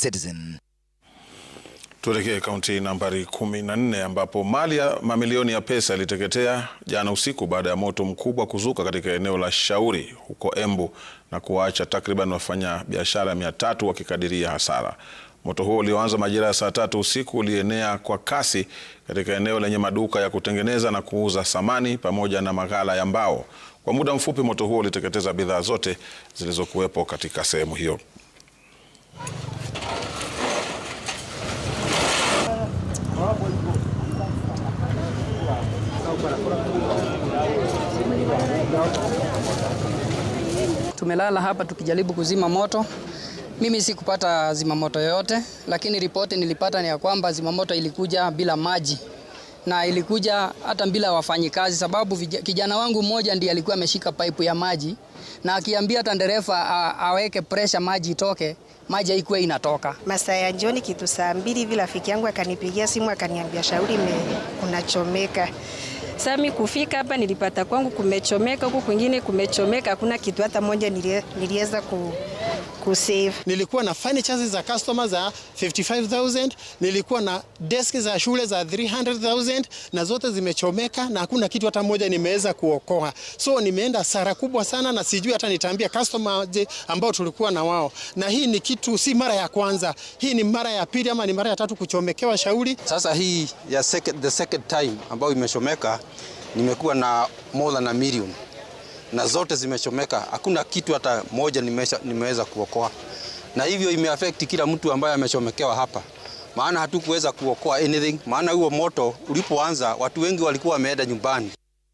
Citizen. Tuelekee kaunti nambari kumi na nne ambapo mali ya mamilioni ya pesa iliteketea jana usiku baada ya moto mkubwa kuzuka katika eneo la Shauri huko Embu na kuwaacha takriban wafanya biashara mia tatu wakikadiria hasara. Moto huo ulioanza majira ya saa tatu usiku ulienea kwa kasi katika eneo lenye maduka ya kutengeneza na kuuza samani pamoja na maghala ya mbao. Kwa muda mfupi moto huo uliteketeza bidhaa zote zilizokuwepo katika sehemu hiyo. Tumelala hapa tukijaribu kuzima moto. Mimi sikupata zimamoto yoyote, lakini ripoti nilipata ni ya kwamba zimamoto ilikuja bila maji na ilikuja hata bila wafanyikazi, sababu kijana wangu mmoja ndiye alikuwa ameshika pipe ya maji na akiambia hata dereva aweke pressure maji itoke maji haikuwa inatoka. Masaa ya jioni kitu saa mbili hivi rafiki yangu akanipigia simu akaniambia, Shauri me kunachomeka. Sami kufika hapa nilipata kwangu kumechomeka, huku kwingine kumechomeka, hakuna kitu hata moja niliweza ku kusave. Nilikuwa na furnitures za customer za 55000, nilikuwa na desk za shule za 300000 na zote zimechomeka na hakuna kitu hata moja nimeweza kuokoa. So nimeenda hasara kubwa sana na sijui hata nitaambia customer ambao tulikuwa na wao. Na hii ni kitu si mara ya kwanza. Hii ni mara ya pili ama ni mara ya tatu kuchomekewa shauri. Sasa hii ya second, the second time ambayo imechomeka nimekuwa na more than a million na zote zimechomeka, hakuna kitu hata moja nimesha, nimeweza kuokoa, na hivyo imeaffect kila mtu ambaye amechomekewa hapa, maana hatukuweza kuokoa anything, maana huo moto ulipoanza watu wengi walikuwa wameenda nyumbani.